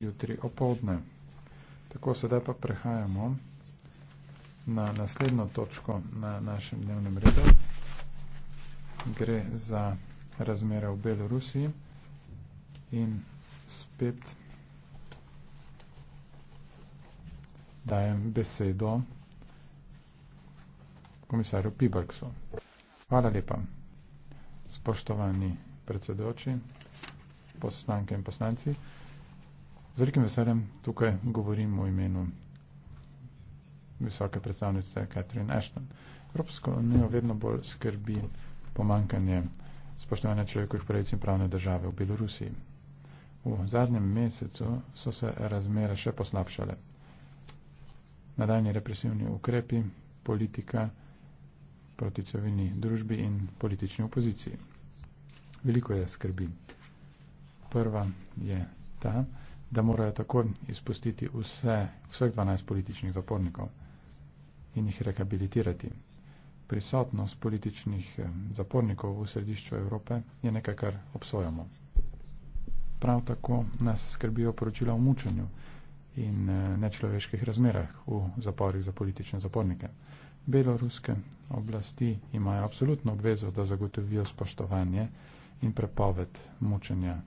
jutri opoldne. Tako sedaj pa prehajamo na naslednjo točko na našem dnevnem redu. Gre za razmere v Belorusiji in spet dajem besedo komisarju Pibrksu. Hvala lepa, spoštovani predsedoči, poslanke in poslanci. Z velikim veseljem tukaj govorim v imenu visoke predstavnice Catherine Ashton. Evropsko unijo vedno bolj skrbi pomankanje spoštovanja človekovih pravic in pravne države v Belorusiji. V zadnjem mesecu so se razmere še poslabšale. Nadaljni represivni ukrepi, politika proti civilni družbi in politični opoziciji. Veliko je skrbi. Prva je ta da morajo tako izpustiti vse, vseh 12 političnih zapornikov in jih rehabilitirati. Prisotnost političnih eh, zapornikov v središču Evrope je nekaj, kar obsojamo. Prav tako nas skrbijo poročila o mučenju in eh, nečloveških razmerah v zaporih za politične zapornike. Beloruske oblasti imajo absolutno obvezo, da zagotovijo spoštovanje in prepoved mučenja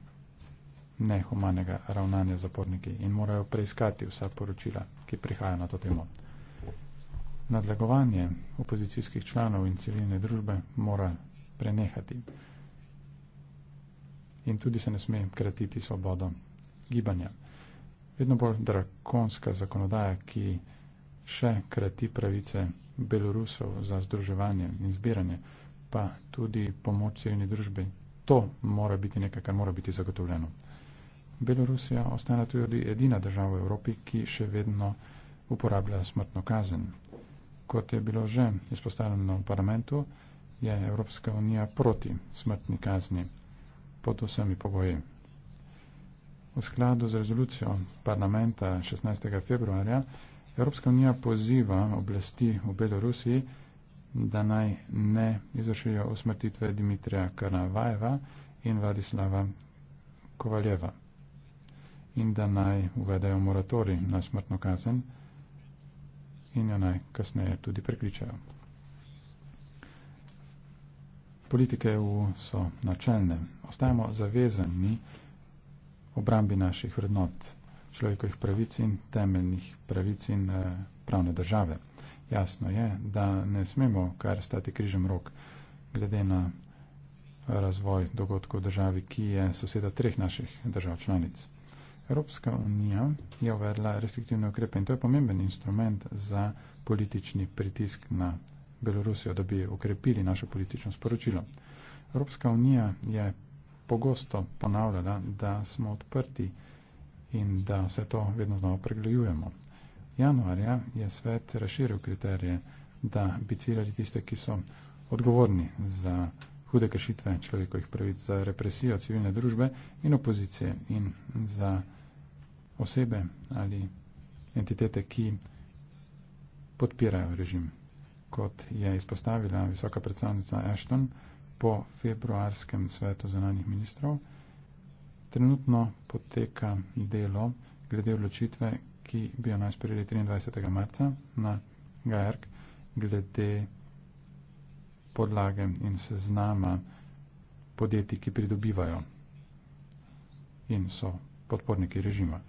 nehumanega ravnanja zaporniki in morajo preiskati vsa poročila, ki prihajajo na to temo. Nadlegovanje opozicijskih članov in civilne družbe mora prenehati in tudi se ne sme kratiti svobodo gibanja. Vedno bolj drakonska zakonodaja, ki še krati pravice Belorusov za združevanje in zbiranje, pa tudi pomoč civilni družbi, to mora biti nekaj, kar mora biti zagotovljeno. Belorusija ostane tudi edina država v Evropi, ki še vedno uporablja smrtno kazen. Kot je bilo že izpostavljeno v parlamentu, je Evropska unija proti smrtni kazni pod vsemi pogoji. V skladu z rezolucijo parlamenta 16. februarja Evropska unija poziva oblasti v Belorusiji, da naj ne izvršijo usmrtitve Dimitrija Karnavajeva in Vladislava Kovaljeva in da naj uvedejo moratori na smrtno kazen in jo naj kasneje tudi prekličajo. Politike EU so načelne. Ostajamo zavezani obrambi naših vrednot, človekovih pravic in temeljnih pravic in eh, pravne države. Jasno je, da ne smemo kar stati križem rok glede na razvoj dogodkov v državi, ki je soseda treh naših držav članic. Evropska unija je uvedla restriktivne ukrepe in to je pomemben instrument za politični pritisk na Belorusijo, da bi ukrepili naše politično sporočilo. Evropska unija je pogosto ponavljala, da smo odprti in da vse to vedno znova pregledujemo. Januarja je svet razširil kriterije, da bi ciljali tiste, ki so odgovorni za hude kršitve človekovih pravic, za represijo civilne družbe in opozicije in za osebe ali entitete, ki podpirajo režim, kot je izpostavila visoka predstavnica Ashton po februarskem svetu zananih ministrov. Trenutno poteka delo glede odločitve, ki bi jo naj sprejeli 23. marca na GAERK, glede podlage in seznama podjetij, ki pridobivajo in so podporniki režima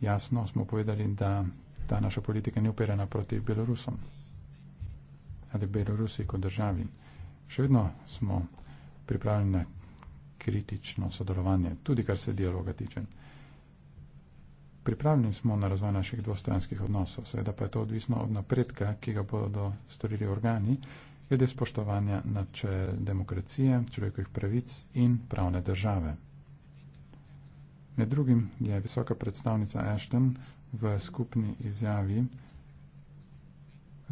jasno smo povedali, da ta naša politika ni uperjena proti Belorusom ali Belorusi kot državi. Še vedno smo pripravljeni na kritično sodelovanje, tudi kar se dialoga tiče. Pripravljeni smo na razvoj naših dvostranskih odnosov, seveda pa je to odvisno od napredka, ki ga bodo storili organi, glede spoštovanja načel demokracije, človekovih pravic in pravne države. Med drugim je visoka predstavnica Ashton v skupni izjavi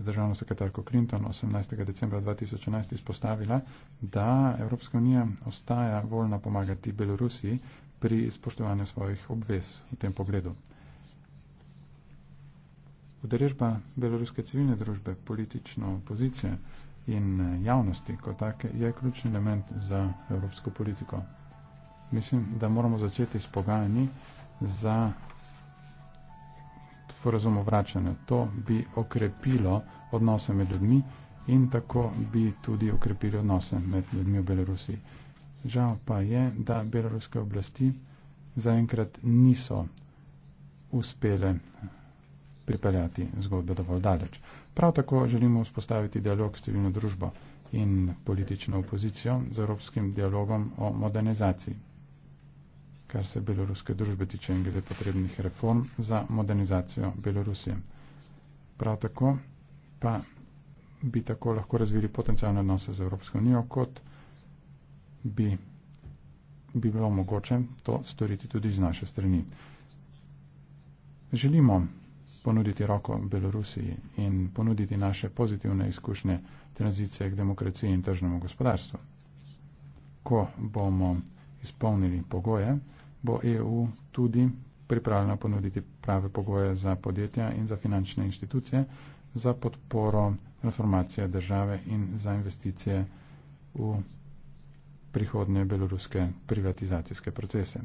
z državno sekretarko Clinton 18. decembra 2011 izpostavila, da Evropska unija ostaja voljna pomagati Belorusiji pri spoštovanju svojih obvez v tem pogledu. Udeležba beloruske civilne družbe, politično pozicijo in javnosti kot take je ključni element za evropsko politiko mislim, da moramo začeti s pogajanji za sporazum vračanja. To bi okrepilo odnose med ljudmi in tako bi tudi okrepili odnose med ljudmi v Belorusiji. Žal pa je, da beloruske oblasti zaenkrat niso uspele pripeljati zgodbe dovolj daleč. Prav tako želimo vzpostaviti dialog s civilno družbo in politično opozicijo z evropskim dialogom o modernizaciji kar se beloruske družbe tiče in glede potrebnih reform za modernizacijo Belorusije. Prav tako pa bi tako lahko razvili potencijalne odnose z Evropsko unijo, kot bi, bi bilo mogoče to storiti tudi z naše strani. Želimo ponuditi roko Belorusiji in ponuditi naše pozitivne izkušnje tranzicije k demokraciji in tržnemu gospodarstvu. Ko bomo izpolnili pogoje, bo EU tudi pripravljena ponuditi prave pogoje za podjetja in za finančne institucije za podporo reformacije države in za investicije v prihodnje beloruske privatizacijske procese.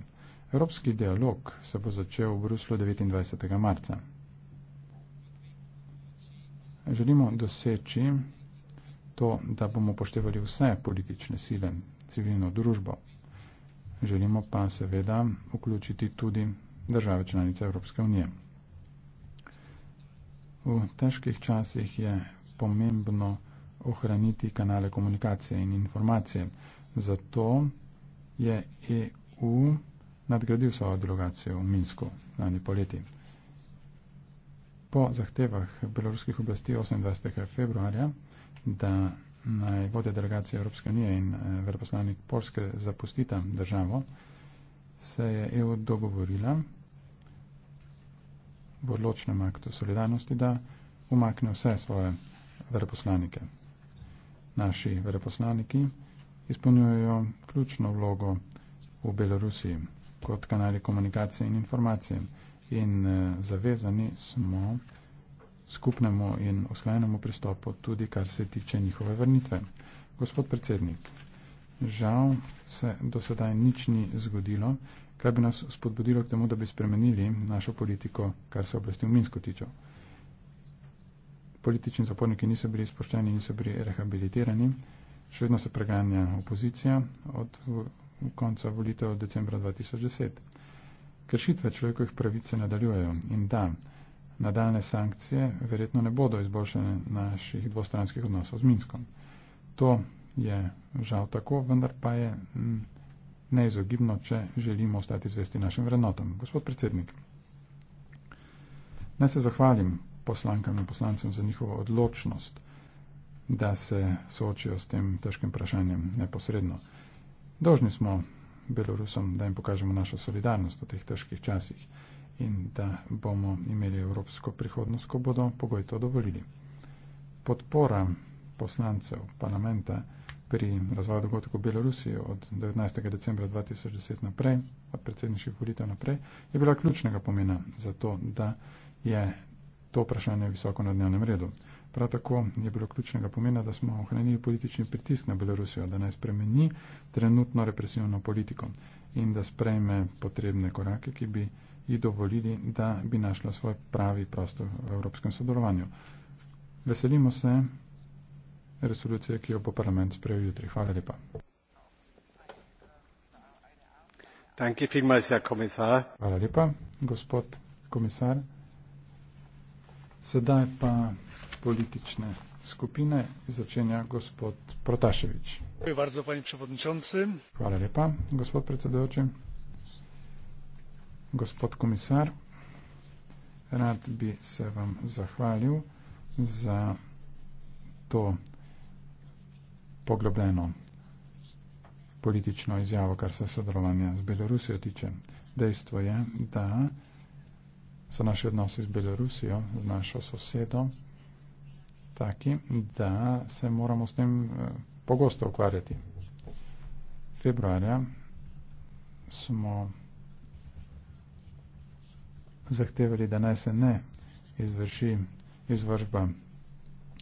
Evropski dialog se bo začel v Bruslu 29. marca. Želimo doseči to, da bomo poštevali vse politične sile, civilno družbo, Želimo pa seveda vključiti tudi države članice Evropske unije. V težkih časih je pomembno ohraniti kanale komunikacije in informacije. Zato je EU nadgradil svojo delegacijo v Minsku lani poleti. Po zahtevah beloruskih oblasti 28. februarja, da naj vodja delegacije Evropske unije in eh, veleposlanik Polske zapustita državo, se je EU dogovorila v odločnem aktu solidarnosti, da umakne vse svoje veleposlanike. Naši veleposlaniki izpolnjujejo ključno vlogo v Belorusiji kot kanali komunikacije in informacije in eh, zavezani smo skupnemu in usklajenemu pristopu, tudi kar se tiče njihove vrnitve. Gospod predsednik, žal se do sedaj nič ni zgodilo, kaj bi nas spodbudilo k temu, da bi spremenili našo politiko, kar se oblasti v Minsku tiče. Politični zaporniki niso bili izpoščeni, niso bili rehabilitirani, še vedno se preganja opozicija od konca volitev od decembra 2010. Kršitve človekovih pravic se nadaljujejo in da, nadaljne sankcije verjetno ne bodo izboljšene naših dvostranskih odnosov z Minskom. To je žal tako, vendar pa je mm, neizogibno, če želimo ostati zvesti našim vrednotom. Gospod predsednik, naj se zahvalim poslankam in poslancem za njihovo odločnost, da se soočijo s tem težkim vprašanjem neposredno. Dolžni smo Belorusom, da jim pokažemo našo solidarnost v teh težkih časih in da bomo imeli evropsko prihodnost, ko bodo pogoji to dovolili. Podpora poslancev parlamenta pri razvoju dogodkov v Belorusiji od 19. decembra 2010 naprej, od predsedniških volitev naprej, je bila ključnega pomena za to, da je to vprašanje visoko na dnevnem redu. Prav tako je bilo ključnega pomena, da smo ohranili politični pritisk na Belorusijo, da naj spremeni trenutno represivno politiko in da sprejme potrebne korake, ki bi ji dovolili, da bi našla svoj pravi prostor v evropskem sodelovanju. Veselimo se resolucije, ki jo bo parlament sprejel jutri. Hvala lepa. Hvala lepa, gospod komisar. Sedaj pa politične skupine začenja gospod Protaševič. Hvala lepa, gospod predsedujoči gospod komisar, rad bi se vam zahvalil za to poglobljeno politično izjavo, kar se sodelovanja z Belorusijo tiče. Dejstvo je, da so naši odnosi z Belorusijo, z našo sosedo, taki, da se moramo s tem eh, pogosto ukvarjati. Februarja smo zahtevali, da naj se ne izvrši izvršba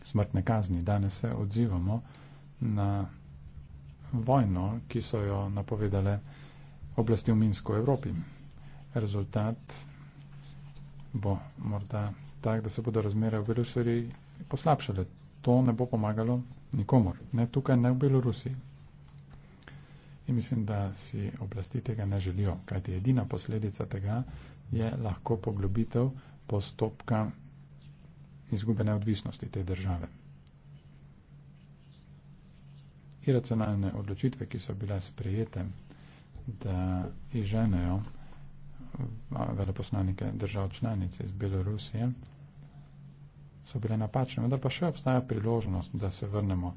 smrtne kazni. Danes se odzivamo na vojno, ki so jo napovedale oblasti v Minsko Evropi. Rezultat bo morda tak, da se bodo razmere v Belorusiji poslabšale. To ne bo pomagalo nikomor, ne tukaj, ne v Belorusiji. In mislim, da si oblasti tega ne želijo, kajti edina posledica tega je lahko poglobitev postopka izgube neodvisnosti te države. Iracionalne odločitve, ki so bile sprejete, da izženejo veleposlanike držav članic iz Belorusije, so bile napačne, da pa še obstaja priložnost, da se vrnemo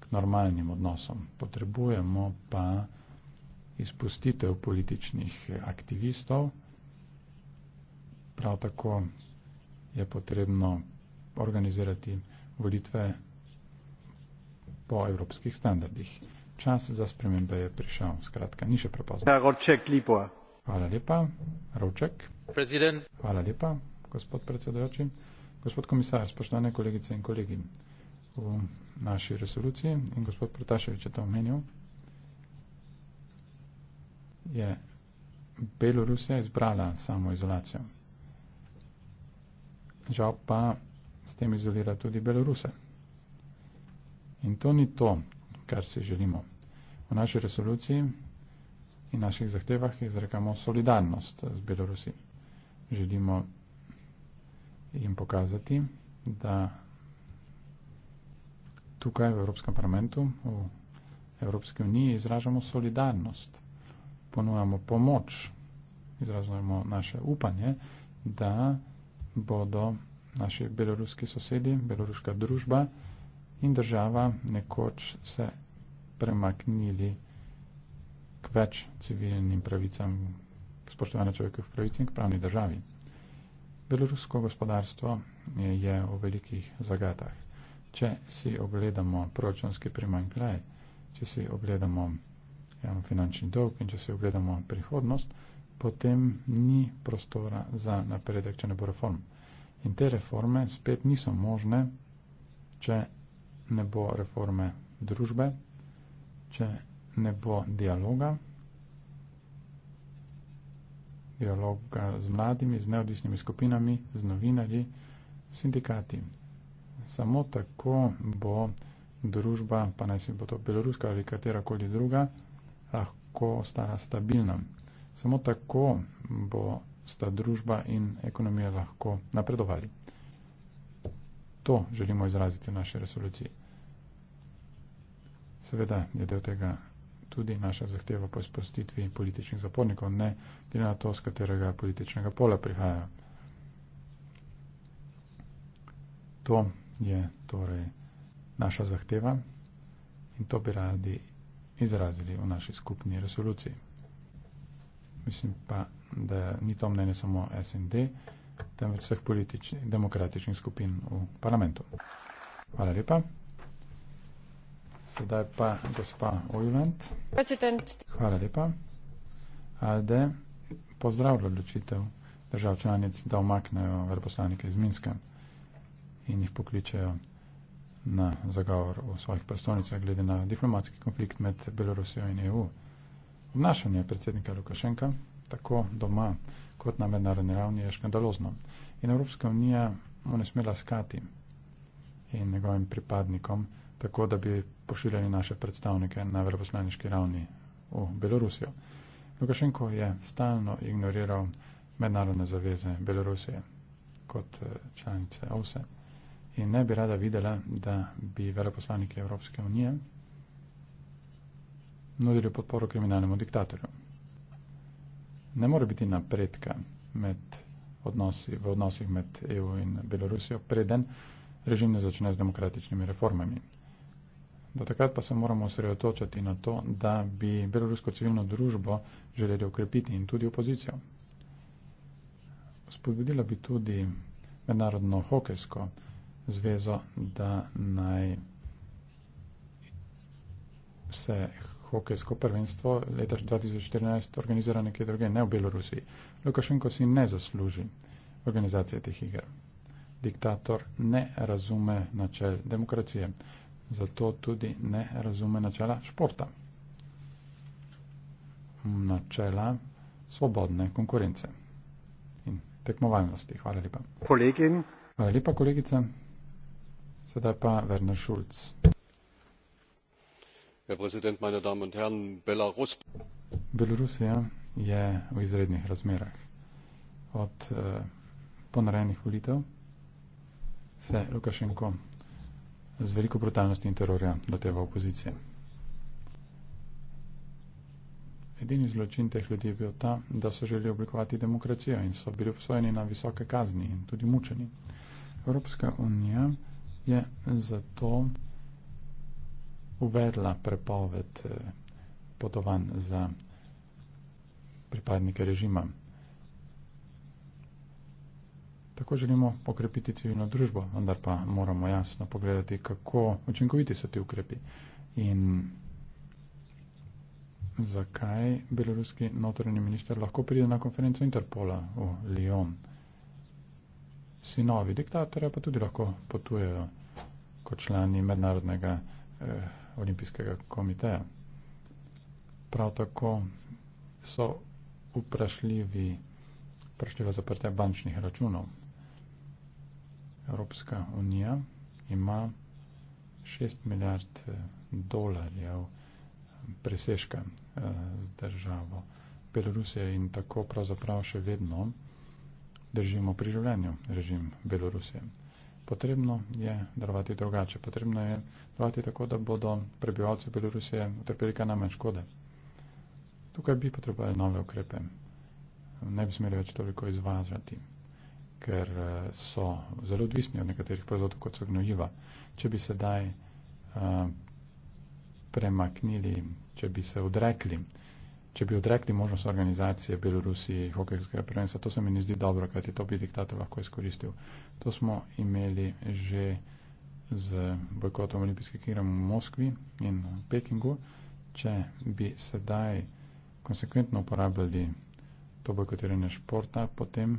k normalnim odnosom. Potrebujemo pa izpustitev političnih aktivistov, Prav tako je potrebno organizirati volitve po evropskih standardih. Čas za spremembe je prišel, skratka, ni še prepozno. Ja, Hvala lepa, Rovček. Hvala lepa, gospod predsedojoči. Gospod komisar, spoštovane kolegice in kolegi, v naši resoluciji in gospod Protaševič je to omenil, je Belorusija izbrala samo izolacijo žal pa s tem izolira tudi Beloruse. In to ni to, kar si želimo. V naši resoluciji in naših zahtevah izrekamo solidarnost z Belorusi. Želimo jim pokazati, da tukaj v Evropskem parlamentu, v Evropski uniji izražamo solidarnost, ponujamo pomoč, izražamo naše upanje, da bodo naši beloruski sosedi, beloruška družba in država nekoč se premaknili k več civilnim pravicam, k spoštovanju človekovih pravic in k pravni državi. Belorusko gospodarstvo je v velikih zagatah. Če si ogledamo proračunski primanjkljaj, če si ogledamo javno finančni dolg in če si ogledamo prihodnost, potem ni prostora za napredek, če ne bo reform. In te reforme spet niso možne, če ne bo reforme družbe, če ne bo dialoga, dialoga z mladimi, z neodvisnimi skupinami, z novinarji, s sindikati. Samo tako bo družba, pa naj si bo to beloruska ali katera koli druga, lahko ostala stabilna. Samo tako bo sta družba in ekonomija lahko napredovali. To želimo izraziti v naši resoluciji. Seveda je del tega tudi naša zahteva po izpustitvi političnih zapornikov, ne glede na to, z katerega političnega pola prihajajo. To je torej naša zahteva in to bi radi izrazili v naši skupni resoluciji mislim pa, da ni to mnenje samo SND, temveč vseh političnih demokratičnih skupin v parlamentu. Hvala lepa. Sedaj pa gospa Ojland. Hvala lepa. Alde, pozdravljam odločitev držav članic, da omaknejo veleposlanike iz Minska in jih pokličejo na zagovor v svojih predstavnicah glede na diplomatski konflikt med Belorusijo in EU. Obnašanje predsednika Lukašenka, tako doma kot na mednarodni ravni, je škandalozno. In Evropska unija mu ne smela skati in njegovim pripadnikom, tako da bi pošiljali naše predstavnike na veleposlaniški ravni v Belorusijo. Lukašenko je stalno ignoriral mednarodne zaveze Belorusije kot eh, članice OVSE in ne bi rada videla, da bi veleposlaniki Evropske unije nudili podporo kriminalnemu diktatorju. Ne more biti napredka med odnosi, v odnosih med EU in Belorusijo, preden režim ne začne z demokratičnimi reformami. Do takrat pa se moramo osredotočati na to, da bi belorusko civilno družbo želeli ukrepiti in tudi opozicijo. Spodbudila bi tudi Mednarodno hokejsko zvezo, da naj se hokejsko prvenstvo leta 2014 organizira nekje druge, ne v Belorusiji. Lukašenko si ne zasluži organizacije teh iger. Diktator ne razume načel demokracije, zato tudi ne razume načela športa. Načela svobodne konkurence in tekmovalnosti. Hvala lepa. Kolegin. Hvala lepa, kolegica. Sedaj pa Werner Schulz. Herr Präsident, meine Damen und Herren, Belarus. Belarus ja, je v izrednih razmerah. Od uh, ponarejenih volitev se Lukašenko z veliko brutalnosti in terorja loteva opozicije. Edini zločin teh ljudi je bil ta, da so želeli oblikovati demokracijo in so bili obsojeni na visoke kazni in tudi mučeni. Evropska unija je zato uvedla prepoved eh, potovanj za pripadnike režima. Tako želimo okrepiti civilno družbo, vendar pa moramo jasno pogledati, kako učinkoviti so ti ukrepi in zakaj beloruski notranji minister lahko pride na konferenco Interpola v Lyon. Sinovi diktatorja pa tudi lahko potujejo kot člani mednarodnega eh, olimpijskega komiteja. Prav tako so vprašljivi, vprašljivo zaprte bančnih računov. Evropska unija ima 6 milijard eh, dolarjev eh, presežka eh, z državo Belorusije in tako pravzaprav še vedno držimo pri življenju režim Belorusije. Potrebno je darovati drugače, potrebno je reševati tako, da bodo prebivalci Belorusije utrpeli kar najmanj škode. Tukaj bi potrebovali nove ukrepe. Ne bi smeli več toliko izvažati, ker eh, so zelo odvisni od nekaterih proizvodov, kot so gnojiva. Če bi se daj uh, eh, premaknili, če bi se odrekli, če bi odrekli možnost organizacije Belorusije hokejskega prvenstva, to se mi ne zdi dobro, kajti to bi diktator lahko izkoristil. To smo imeli že z bojkotom olimpijskih iger v Moskvi in Pekingu, če bi sedaj konsekventno uporabljali to bojkotiranje športa, potem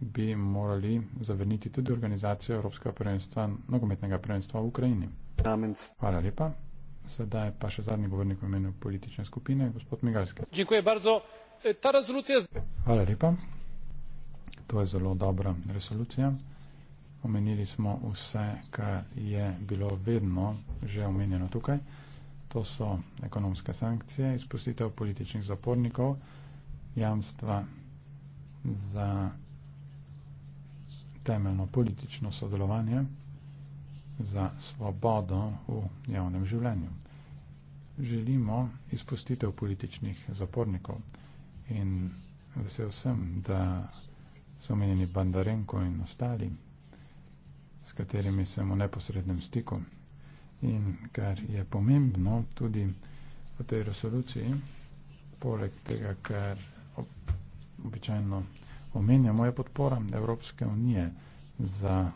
bi morali zavrniti tudi organizacijo Evropskega prvenstva, nogometnega prvenstva v Ukrajini. Hvala lepa. Sedaj pa še zadnji govornik v imenu politične skupine, gospod Migalski. Hvala lepa. To je zelo dobra resolucija omenili smo vse, kar je bilo vedno že omenjeno tukaj. To so ekonomske sankcije, izpustitev političnih zapornikov, jamstva za temeljno politično sodelovanje, za svobodo v javnem življenju. Želimo izpustitev političnih zapornikov in vesel sem, da so omenjeni Bandarenko in ostali s katerimi sem v neposrednem stiku. In kar je pomembno tudi v tej resoluciji, poleg tega, kar običajno omenjamo, je podpora Evropske unije za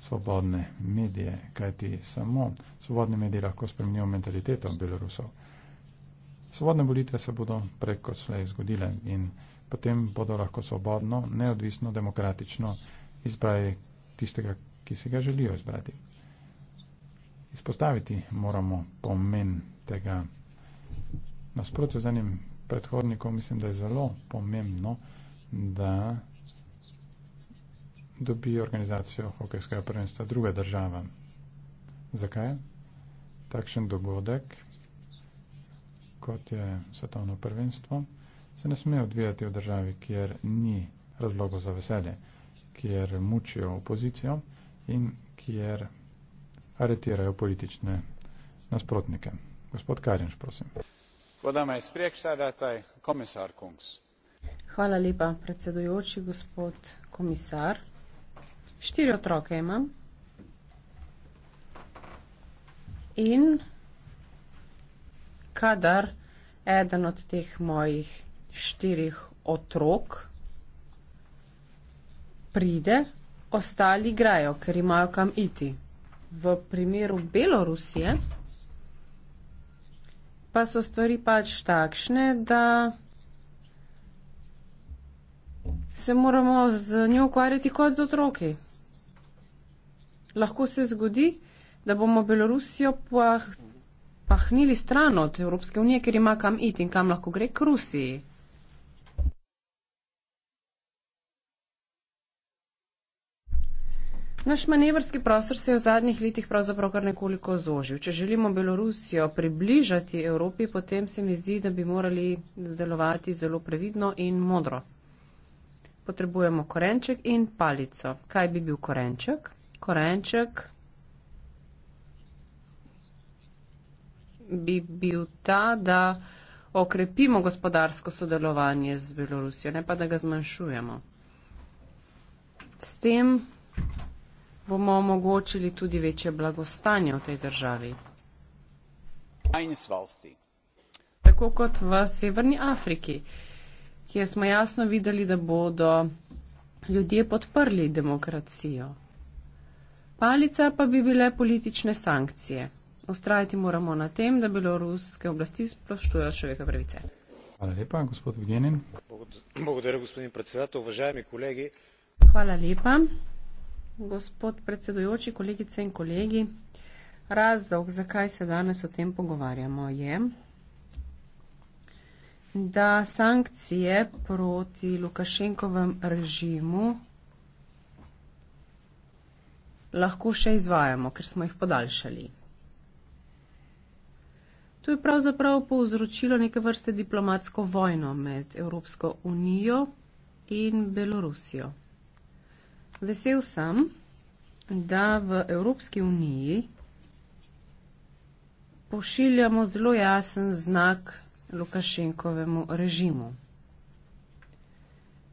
svobodne medije, kajti samo svobodni mediji lahko spremenijo mentaliteto Belorusov. Svobodne volitve se bodo preko slej zgodile in potem bodo lahko svobodno, neodvisno, demokratično izbrali tistega, ki se ga želijo izbrati. Izpostaviti moramo pomen tega. Nasprotno z enim predhodnikom mislim, da je zelo pomembno, da dobi organizacijo hokejskega prvenstva druga država. Zakaj? Takšen dogodek, kot je svetovno prvenstvo, se ne sme odvijati v državi, kjer ni razlogov za veselje, kjer mučijo opozicijo in kjer aretirajo politične nasprotnike. Gospod Karinš, prosim. Hvala lepa, predsedujoči, gospod komisar. Štiri otroke imam in kadar eden od teh mojih štirih otrok pride ostali igrajo, ker imajo kam iti. V primeru Belorusije pa so stvari pač takšne, da se moramo z njo ukvarjati kot z otroki. Lahko se zgodi, da bomo Belorusijo pah, pahnili stran od Evropske unije, ker ima kam iti in kam lahko gre k Rusiji. Naš manevrski prostor se je v zadnjih letih pravzaprav kar nekoliko zožil. Če želimo Belorusijo približati Evropi, potem se mi zdi, da bi morali delovati zelo previdno in modro. Potrebujemo korenček in palico. Kaj bi bil korenček? Korenček bi bil ta, da okrepimo gospodarsko sodelovanje z Belorusijo, ne pa da ga zmanjšujemo. S tem bomo omogočili tudi večje blagostanje v tej državi. Tako kot v Severni Afriki, kjer smo jasno videli, da bodo ljudje podprli demokracijo. Palica pa bi bile politične sankcije. Ustrajati moramo na tem, da beloruske oblasti sploštujo človeka pravice. Hvala lepa, gospod Vigenin. Bogodaj, gospodin predsedatelj, uvažajmi kolegi. Hvala lepa gospod predsedujoči, kolegice in kolegi. Razlog, zakaj se danes o tem pogovarjamo, je, da sankcije proti Lukašenkovem režimu lahko še izvajamo, ker smo jih podaljšali. To je pravzaprav povzročilo neke vrste diplomatsko vojno med Evropsko unijo in Belorusijo. Vesel sem, da v Evropski uniji pošiljamo zelo jasen znak Lukašenkovemu režimu.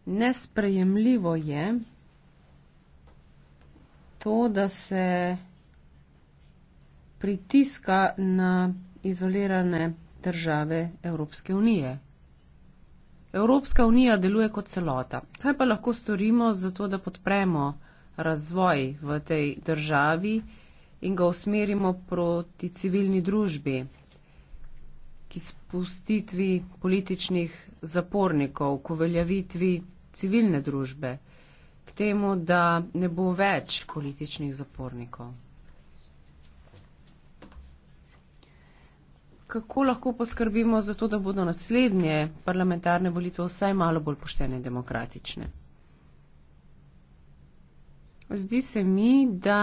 Nesprejemljivo je to, da se pritiska na izolirane države Evropske unije. Evropska unija deluje kot celota. Kaj pa lahko storimo za to, da podpremo razvoj v tej državi in ga usmerimo proti civilni družbi, ki spustitvi političnih zapornikov, k uveljavitvi civilne družbe, k temu, da ne bo več političnih zapornikov? kako lahko poskrbimo za to, da bodo naslednje parlamentarne volitve vsaj malo bolj poštene in demokratične. Zdi se mi, da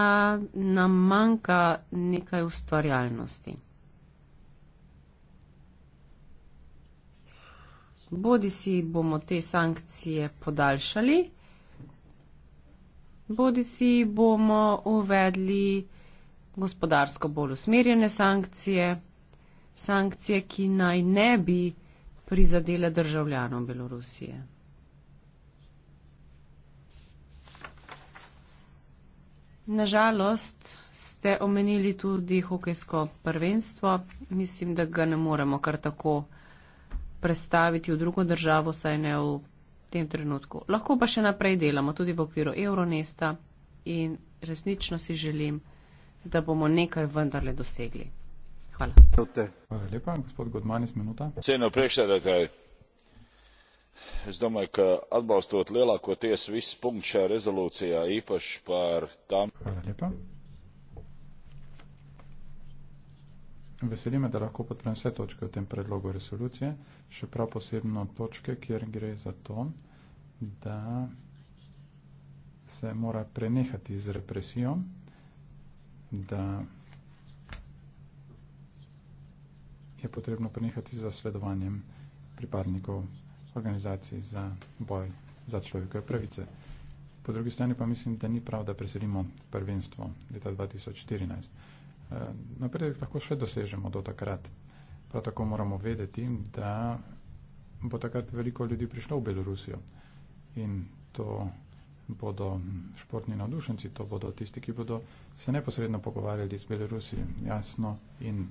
nam manjka nekaj ustvarjalnosti. Bodi si bomo te sankcije podaljšali, bodi si bomo uvedli gospodarsko bolj usmerjene sankcije sankcije, ki naj ne bi prizadele državljanov Belorusije. Nažalost ste omenili tudi hokejsko prvenstvo. Mislim, da ga ne moremo kar tako prestaviti v drugo državo, saj ne v tem trenutku. Lahko pa še naprej delamo tudi v okviru Euronesta in resnično si želim, da bomo nekaj vendarle dosegli. Cienu priekšsēdētāji, es domāju, ka atbalstot lielāko tiesu visu punktu šajā rezolūcijā, īpaši par tām. Veselime, da lahko podprem vse točke v tem predlogu resolucije, še prav posebno točke, kjer gre za to, da se mora prenehati z represijo, da je potrebno prenehati z zasledovanjem pripadnikov organizacij za boj za človekove pravice. Po drugi strani pa mislim, da ni prav, da preselimo prvenstvo leta 2014. Eh, napredek lahko še dosežemo do takrat. Prav tako moramo vedeti, da bo takrat veliko ljudi prišlo v Belorusijo in to bodo športni navdušenci, to bodo tisti, ki bodo se neposredno pogovarjali z Belorusijo jasno in uh,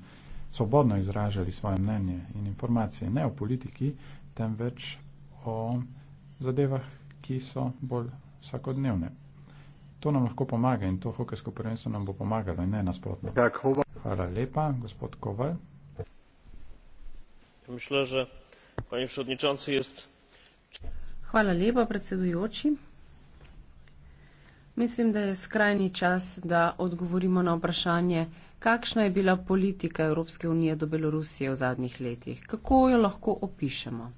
svobodno izražali svoje mnenje in informacije, ne o politiki, temveč o zadevah, ki so bolj vsakodnevne. To nam lahko pomaga in to hokejsko prvenstvo nam bo pomagalo in ne nasprotno. Hvala lepa, gospod Koval. Ja Mišle, že, jest... Hvala lepa, predsedujoči. Mislim, da je skrajni čas, da odgovorimo na vprašanje, Kakšna je bila politika Evropske unije do Belorusije v zadnjih letih? Kako jo lahko opišemo?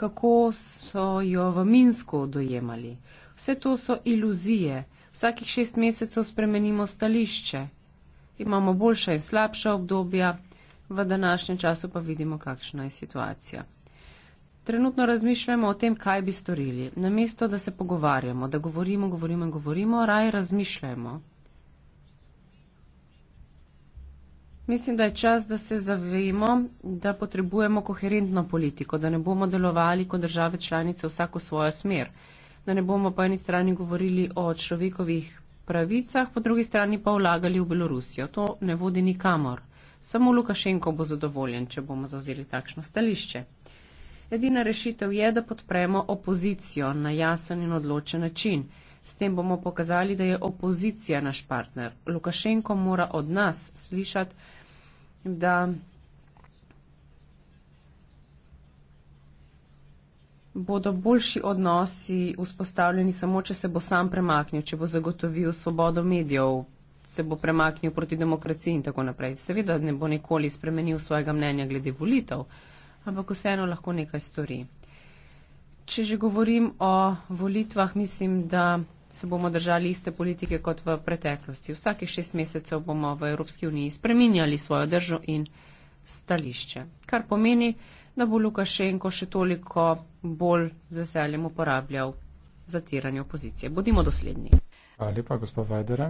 Kako so jo v Minsku dojemali? Vse to so iluzije. Vsakih šest mesecev spremenimo stališče. Imamo boljša in slabša obdobja, v današnjem času pa vidimo, kakšna je situacija. Trenutno razmišljamo o tem, kaj bi storili. Namesto, da se pogovarjamo, da govorimo, govorimo in govorimo, raje razmišljamo. Mislim, da je čas, da se zavemo, da potrebujemo koherentno politiko, da ne bomo delovali kot države članice vsako svojo smer, da ne bomo po eni strani govorili o človekovih pravicah, po drugi strani pa vlagali v Belorusijo. To ne vodi nikamor. Samo Lukašenko bo zadovoljen, če bomo zauzeli takšno stališče. Edina rešitev je, da podpremo opozicijo na jasen in odločen način. S tem bomo pokazali, da je opozicija naš partner. Lukašenko mora od nas slišati, da bodo boljši odnosi vzpostavljeni samo, če se bo sam premaknil, če bo zagotovil svobodo medijev, se bo premaknil proti demokraciji in tako naprej. Seveda ne bo nikoli spremenil svojega mnenja glede volitev, ampak vseeno lahko nekaj stori. Če že govorim o volitvah, mislim, da se bomo držali iste politike kot v preteklosti. Vsakih šest mesecev bomo v Evropski uniji spreminjali svojo držo in stališče. Kar pomeni, da bo Lukašenko še toliko bolj z veseljem uporabljal zatiranje opozicije. Bodimo dosledni. Hvala lepa, gospod Vajdere.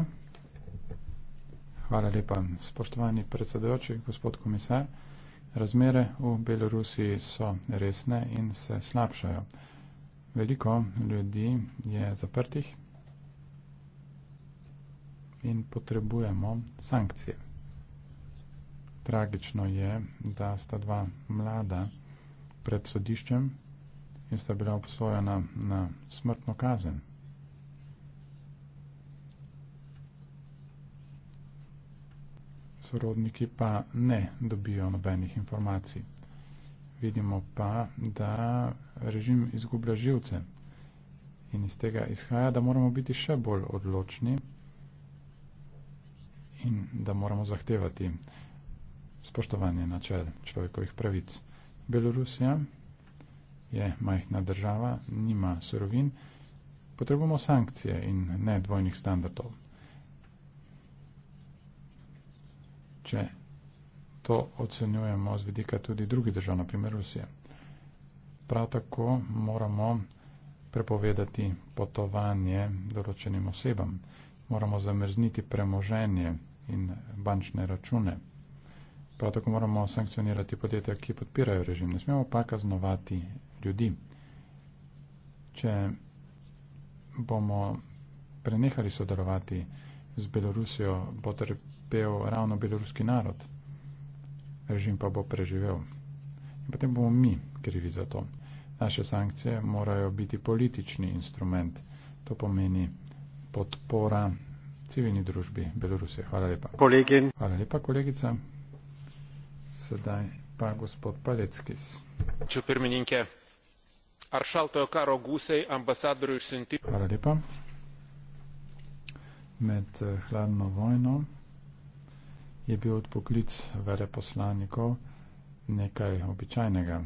Hvala lepa, spoštovani predsedojoči, gospod komisar. Razmere v Belorusiji so resne in se slabšajo. Veliko ljudi je zaprtih, in potrebujemo sankcije. Tragično je, da sta dva mlada pred sodiščem in sta bila obsojena na smrtno kazen. Sorodniki pa ne dobijo nobenih informacij. Vidimo pa, da režim izgublja živce. In iz tega izhaja, da moramo biti še bolj odločni in da moramo zahtevati spoštovanje načel človekovih pravic. Belorusija je majhna država, nima surovin, potrebujemo sankcije in ne dvojnih standardov. Če to ocenjujemo z vidika tudi drugih držav, na primer Rusije. Prav tako moramo prepovedati potovanje določenim osebam, moramo zamrzniti premoženje in bančne račune. Prav tako moramo sankcionirati podjetja, ki podpirajo režim. Ne smemo pa kaznovati ljudi. Če bomo prenehali sodelovati z Belorusijo, bo trpel ravno beloruski narod, režim pa bo preživel. In potem bomo mi krivi za to. Naše sankcije morajo biti politični instrument. To pomeni podpora civilni družbi Belorusije. Hvala lepa. Kolegin. Hvala lepa, kolegica. Sedaj pa gospod Paleckis. Hvala lepa. Med eh, hladno vojno je bil odpoklic veleposlanikov nekaj običajnega.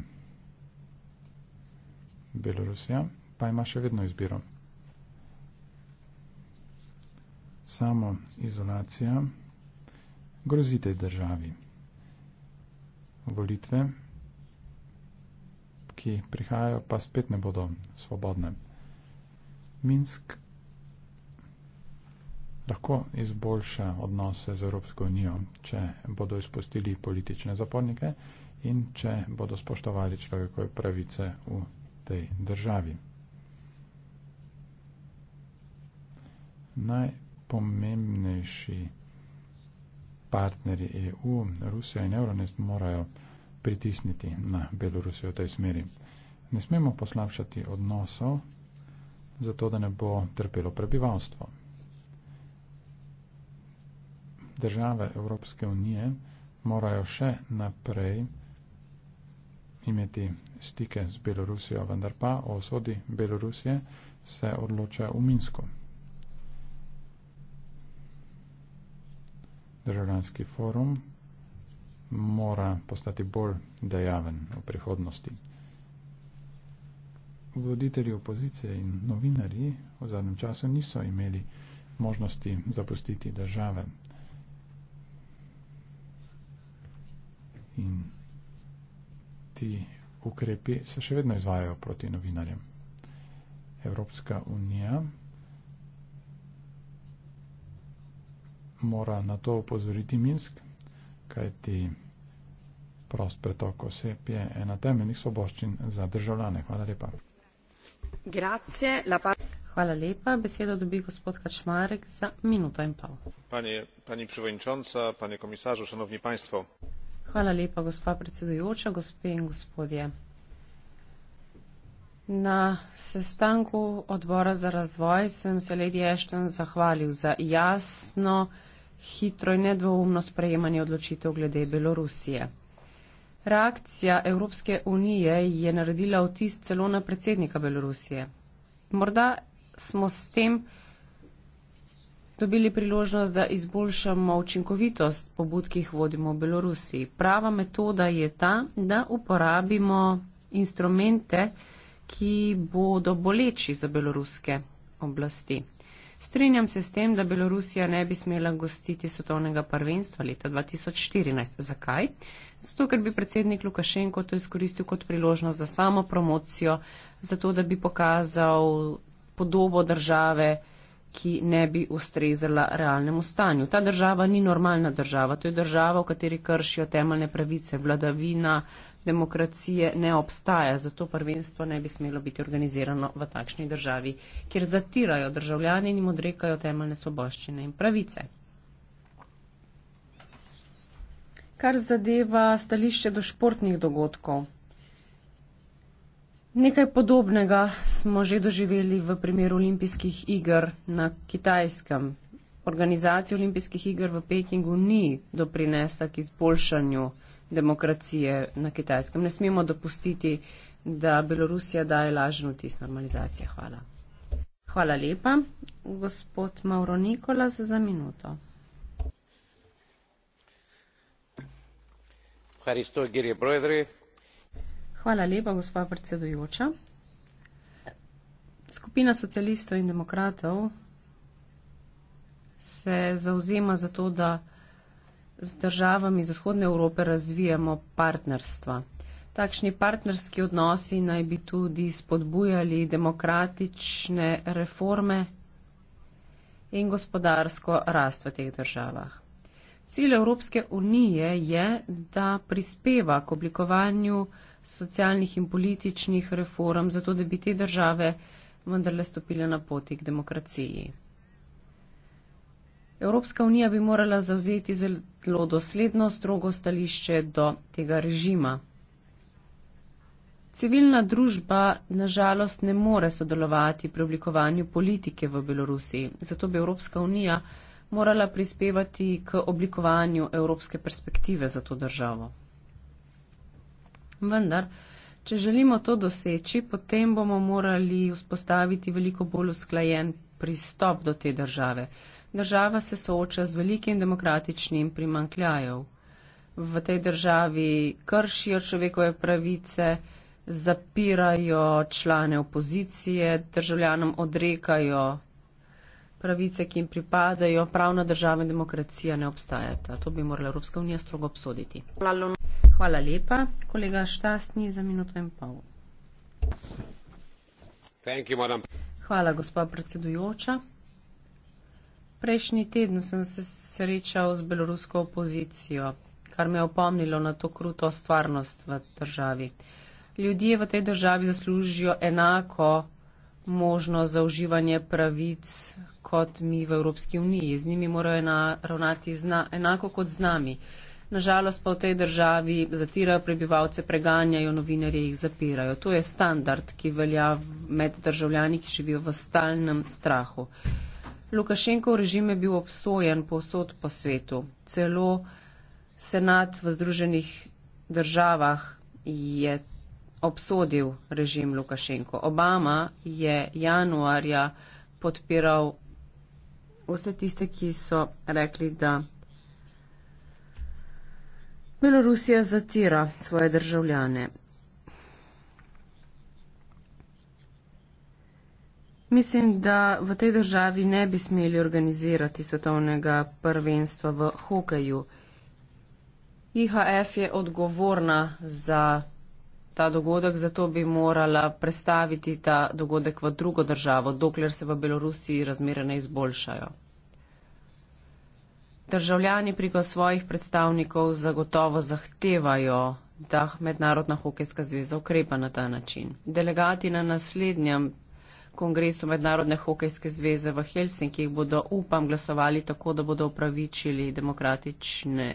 Belorusija pa ima še vedno izbiro. samo izolacija, grozite državi. Volitve, ki prihajajo, pa spet ne bodo svobodne. Minsk lahko izboljša odnose z Evropsko unijo, če bodo izpustili politične zapornike in če bodo spoštovali človekove pravice v tej državi. Naj najpomembnejši partneri EU, Rusija in Euronest morajo pritisniti na Belorusijo v tej smeri. Ne smemo poslavšati odnosov, zato da ne bo trpelo prebivalstvo. Države Evropske unije morajo še naprej imeti stike z Belorusijo, vendar pa o sodi Belorusije se odloča v Minsku. državljanski forum mora postati bolj dejaven v prihodnosti. Voditelji opozicije in novinari v zadnjem času niso imeli možnosti zapustiti države. In ti ukrepi se še vedno izvajajo proti novinarjem. Evropska unija mora na to upozoriti Minsk, kajti prost pretok oseb je ena temeljnih soboščin za državljane. Hvala lepa. Grazie, la par- Hvala lepa. Besedo dobi gospod Kačmarek za minuto in pol. Pani, pani predsedujoča, pani komisar, šanovni panstvo. Hvala lepa, gospa predsedujoča, gospe in gospodje. Na sestanku odbora za razvoj sem se Lady Ashton zahvalil za jasno hitro in nedvoumno sprejemanje odločitev glede Belorusije. Reakcija Evropske unije je naredila vtis celo na predsednika Belorusije. Morda smo s tem dobili priložnost, da izboljšamo učinkovitost pobud, ki jih vodimo v Belorusiji. Prava metoda je ta, da uporabimo instrumente, ki bodo boleči za beloruske oblasti. Strinjam se s tem, da Belorusija ne bi smela gostiti svetovnega prvenstva leta 2014. Zakaj? Zato, ker bi predsednik Lukašenko to izkoristil kot priložnost za samo promocijo, zato, da bi pokazal podobo države, ki ne bi ustrezala realnemu stanju. Ta država ni normalna država, to je država, v kateri kršijo temeljne pravice, vladavina, demokracije ne obstaja, zato prvenstvo ne bi smelo biti organizirano v takšni državi, kjer zatirajo državljani in jim odrekajo temeljne svoboščine in pravice. Kar zadeva stališče do športnih dogodkov. Nekaj podobnega smo že doživeli v primeru olimpijskih igr na Kitajskem organizacija olimpijskih igr v Pekingu ni doprinesla k izboljšanju demokracije na kitajskem. Ne smemo dopustiti, da Belorusija daje lažen vtis normalizacije. Hvala. Hvala lepa. Gospod Mauro Nikola za minuto. Hvala lepa, gospod predsedujoča. Skupina socialistov in demokratov se zauzema za to, da z državami Zahodne Evrope razvijamo partnerstva. Takšni partnerski odnosi naj bi tudi spodbujali demokratične reforme in gospodarsko rast v teh državah. Cilj Evropske unije je, da prispeva k oblikovanju socialnih in političnih reform, zato da bi te države vendarle stopile na poti k demokraciji. Evropska unija bi morala zauzeti zelo dosledno, strogo stališče do tega režima. Civilna družba nažalost ne more sodelovati pri oblikovanju politike v Belorusiji, zato bi Evropska unija morala prispevati k oblikovanju evropske perspektive za to državo. Vendar, če želimo to doseči, potem bomo morali vzpostaviti veliko bolj usklajen pristop do te države, država se sooča z velikim demokratičnim primankljajem. V tej državi kršijo človekove pravice, zapirajo člane opozicije, državljanom odrekajo pravice, ki jim pripadajo, pravna država in demokracija ne obstajata. To bi morala Evropska unija strogo obsoditi. Hvala lepa, kolega Štastni, za minuto in pol. Hvala, gospod predsedujoča prejšnji teden sem se srečal z belorusko opozicijo, kar me je opomnilo na to kruto stvarnost v državi. Ljudje v tej državi zaslužijo enako možnost za uživanje pravic kot mi v Evropski uniji. Z njimi morajo ena, ravnati zna, enako kot z nami. Nažalost pa v tej državi zatirajo prebivalce, preganjajo novinarje, jih zapirajo. To je standard, ki velja med državljani, ki živijo v stalnem strahu. Lukašenkov režim je bil obsojen povsod po svetu. Celo senat v Združenih državah je obsodil režim Lukašenko. Obama je januarja podpiral vse tiste, ki so rekli, da Belorusija zatira svoje državljane. Mislim, da v tej državi ne bi smeli organizirati svetovnega prvenstva v hokeju. IHF je odgovorna za ta dogodek, zato bi morala prestaviti ta dogodek v drugo državo, dokler se v Belorusiji razmere ne izboljšajo. Državljani preko svojih predstavnikov zagotovo zahtevajo, da Mednarodna hokejska zveza ukrepa na ta način. Delegati na naslednjem kongresu Mednarodne hokejske zveze v Helsinkih bodo, upam, glasovali tako, da bodo upravičili demokratične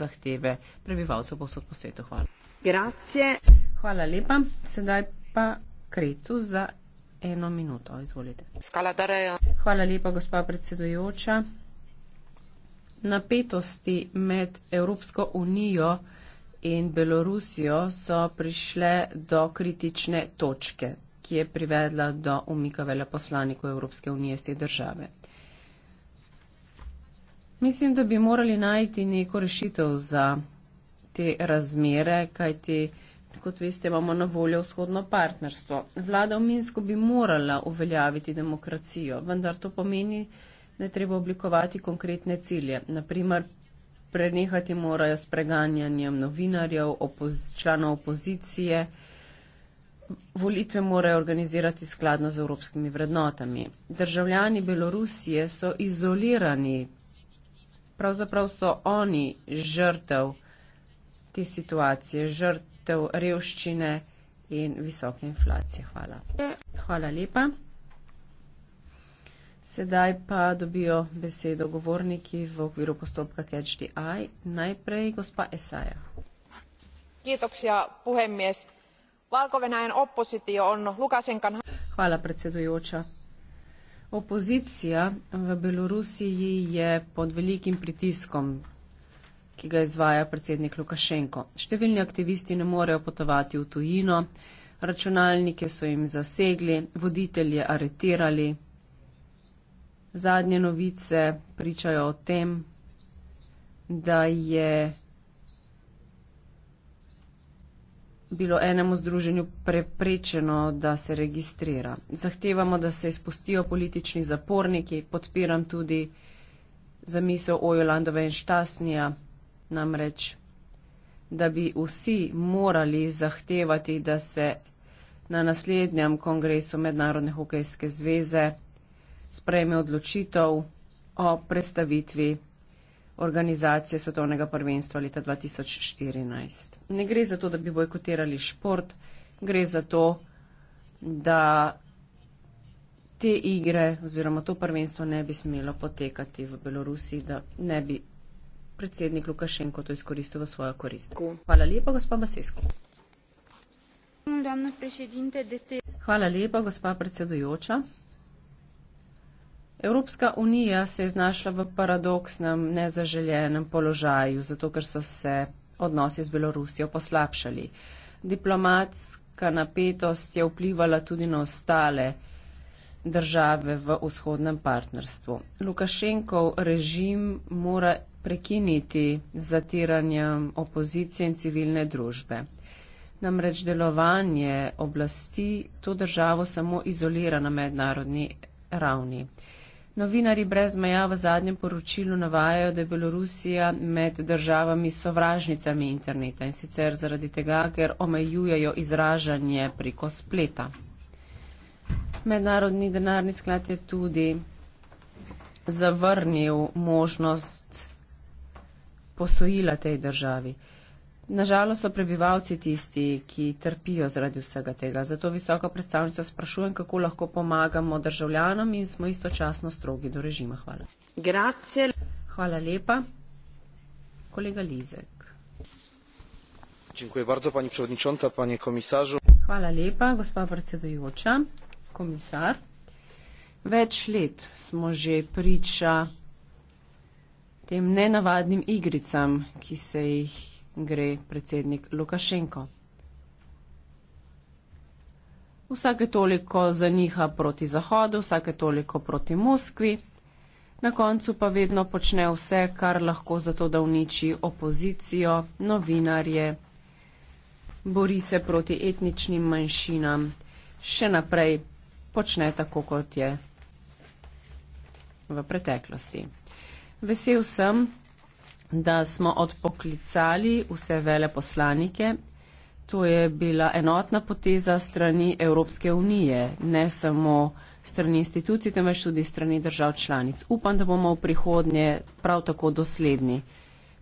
zahteve prebivalcev posod po svetu. Hvala. Grazie. Hvala lepa. Sedaj pa kretu za eno minuto. Izvolite. Hvala lepa, gospa predsedujoča. Napetosti med Evropsko unijo in Belorusijo so prišle do kritične točke ki je privedla do umika veleposlaniku Evropske unije iz te države. Mislim, da bi morali najti neko rešitev za te razmere, kajti, kot veste, imamo na voljo vzhodno partnerstvo. Vlada v Minsku bi morala uveljaviti demokracijo, vendar to pomeni, da je treba oblikovati konkretne cilje. Naprimer, prenehati morajo s preganjanjem novinarjev, opoz, članov opozicije volitve morajo organizirati skladno z evropskimi vrednotami. Državljani Belorusije so izolirani, pravzaprav so oni žrtev te situacije, žrtev revščine in visoke inflacije. Hvala. Hvala lepa. Sedaj pa dobijo besedo govorniki v okviru postopka Catch the Eye. Najprej gospa Esaja. Kjetoksja puhemies valko venäjän oppositio on Lukasenkan... Hvala, predsedujoča. Opozicija v Belorusiji je pod velikim pritiskom, ki ga izvaja predsednik Lukašenko. Številni aktivisti ne morejo potovati v tujino, računalnike so jim zasegli, voditelje aretirali. Zadnje novice pričajo o tem, da je bilo enemu združenju preprečeno, da se registrira. Zahtevamo, da se izpustijo politični zaporniki, podpiram tudi zamisel o Jolandove in Štasnija, namreč, da bi vsi morali zahtevati, da se na naslednjem kongresu Mednarodne hokejske zveze sprejme odločitev o prestavitvi organizacije svetovnega prvenstva leta 2014. Ne gre za to, da bi bojkotirali šport, gre za to, da te igre oziroma to prvenstvo ne bi smelo potekati v Belorusiji, da ne bi predsednik Lukašenko to izkoristil v svojo korist. Hvala lepa, gospa Basesko. Hvala lepa, gospa predsedujoča. Evropska unija se je znašla v paradoksnem, nezaželjenem položaju, zato ker so se odnosi z Belorusijo poslabšali. Diplomatska napetost je vplivala tudi na ostale države v vzhodnem partnerstvu. Lukašenkov režim mora prekiniti zatiranjem opozicije in civilne družbe. Namreč delovanje oblasti to državo samo izolira na mednarodni ravni. Novinari brez meja v zadnjem poročilu navajajo, da je Belorusija med državami sovražnicami interneta in sicer zaradi tega, ker omejujejo izražanje preko spleta. Mednarodni denarni sklad je tudi zavrnil možnost posojila tej državi. Uh, Nažalost so prebivalci tisti, ki trpijo zaradi vsega tega. Zato visoko predstavnico sprašujem, kako lahko pomagamo državljanom in smo istočasno strogi do režima. Hvala. Grazie. Hvala lepa. Kolega Lizek. Dziękuję bardzo, pani przewodnicząca, panie komisarzu. Hvala lepa, gospa predsedujoča, komisar. Več let smo že priča tem nenavadnim igricam, ki se jih gre predsednik Lukašenko. Vsake toliko zaniha proti Zahodu, vsake toliko proti Moskvi, na koncu pa vedno počne vse, kar lahko za to, da uniči opozicijo, novinarje, bori se proti etničnim manjšinam, še naprej počne tako, kot je v preteklosti. Vesel sem, da smo odpoklicali vse veleposlanike. To je bila enotna poteza strani Evropske unije, ne samo strani institucij, temveč tudi strani držav članic. Upam, da bomo v prihodnje prav tako dosledni,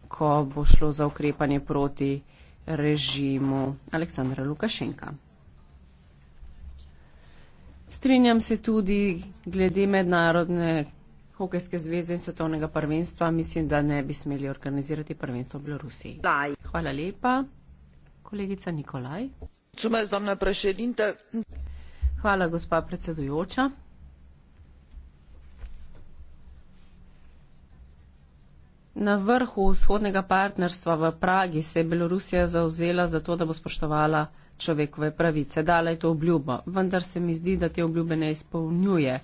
ko bo šlo za ukrepanje proti režimu Aleksandra Lukašenka. Strinjam se tudi glede mednarodne Hokejske zveze in svetovnega prvenstva, mislim, da ne bi smeli organizirati prvenstva v Belorusiji. Daj. Hvala lepa, kolegica Nikolaj. Hvala, gospa predsedujoča. Na vrhu vzhodnega partnerstva v Pragi se je Belorusija zauzela za to, da bo spoštovala človekove pravice. Dala je to obljubo, vendar se mi zdi, da te obljube ne izpolnjuje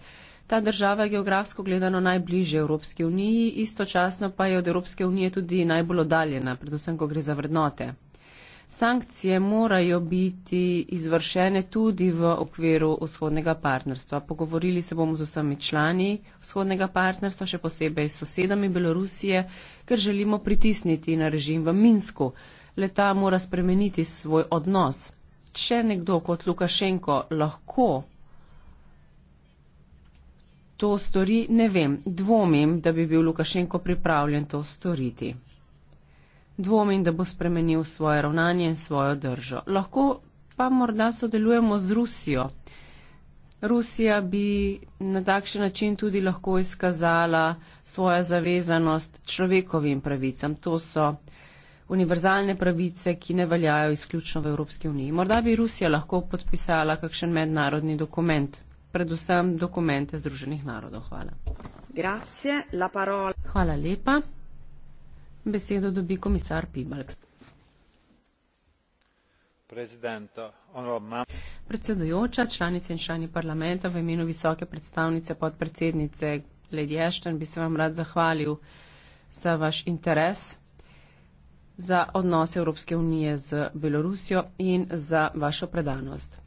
ta država geografsko gledano najbližje Evropske uniji, istočasno pa je od Evropske unije tudi najbolj oddaljena, predvsem, ko gre za vrednote. Sankcije morajo biti izvršene tudi v okviru vzhodnega partnerstva. Pogovorili se bomo z vsemi člani vzhodnega partnerstva, še posebej s sosedami Belorusije, ker želimo pritisniti na režim v Minsku. Leta mora spremeniti svoj odnos. Če nekdo kot Lukašenko lahko to stori, ne vem, dvomim, da bi bil Lukašenko pripravljen to storiti. Dvomim, da bo spremenil svoje ravnanje in svojo držo. Lahko pa morda sodelujemo z Rusijo. Rusija bi na takšen način tudi lahko izkazala svojo zavezanost človekovim pravicam. To so univerzalne pravice, ki ne veljajo izključno v Evropski uniji. Morda bi Rusija lahko podpisala kakšen mednarodni dokument predvsem dokumente Združenih narodov. Hvala. Grazie, la parola. Hvala lepa. Besedo dobi komisar Pibalk. Predsedujoča, članice in člani parlamenta, v imenu visoke predstavnice podpredsednice Lady Ashton bi se vam rad zahvalil za vaš interes za odnose Evropske unije z Belorusijo in za vašo predanost.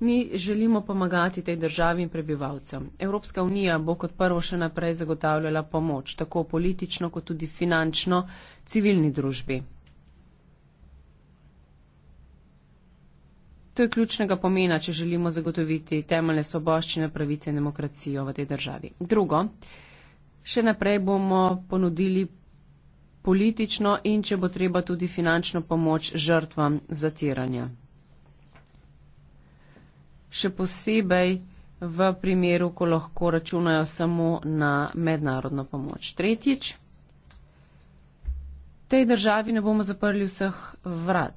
Mi želimo pomagati tej državi in prebivalcem. Evropska unija bo kot prvo še naprej zagotavljala pomoč, tako politično kot tudi finančno, civilni družbi. To je ključnega pomena, če želimo zagotoviti temeljne svoboščine, pravice in demokracijo v tej državi. Drugo, še naprej bomo ponudili politično in, če bo treba, tudi finančno pomoč žrtvam zatiranja še posebej v primeru, ko lahko računajo samo na mednarodno pomoč. Tretjič, tej državi ne bomo zaprli vseh vrat.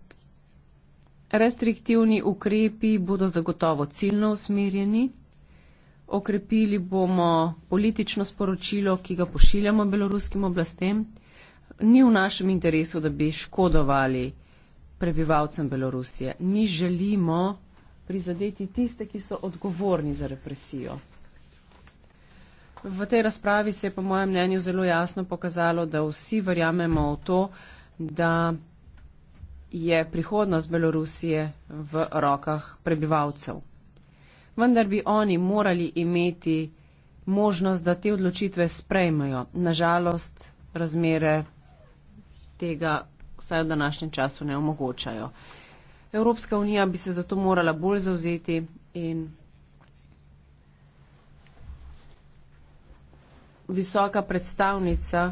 Restriktivni ukrepi bodo zagotovo ciljno usmerjeni. Okrepili bomo politično sporočilo, ki ga pošiljamo beloruskim oblastem. Ni v našem interesu, da bi škodovali prebivalcem Belorusije. Mi želimo prizadeti tiste, ki so odgovorni za represijo. V tej razpravi se je po mojem mnenju zelo jasno pokazalo, da vsi verjamemo v to, da je prihodnost Belorusije v rokah prebivalcev. Vendar bi oni morali imeti možnost, da te odločitve sprejmejo. Nažalost, razmere tega vsaj v današnjem času ne omogočajo. Evropska unija bi se zato morala bolj zauzeti in visoka predstavnica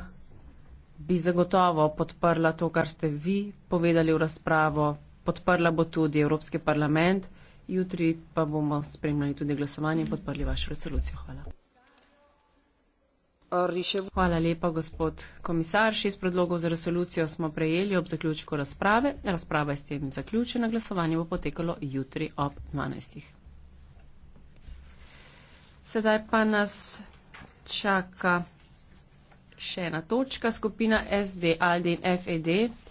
bi zagotovo podprla to, kar ste vi povedali v razpravo. Podprla bo tudi Evropski parlament. Jutri pa bomo spremljali tudi glasovanje in podprli vašo resolucijo. Hvala. Hvala lepa, gospod komisar. Šest predlogov za resolucijo smo prejeli ob zaključku razprave. Razprava je s tem zaključena. Glasovanje bo potekalo jutri ob 12. Sedaj pa nas čaka še ena točka. Skupina SD, ALDE in FED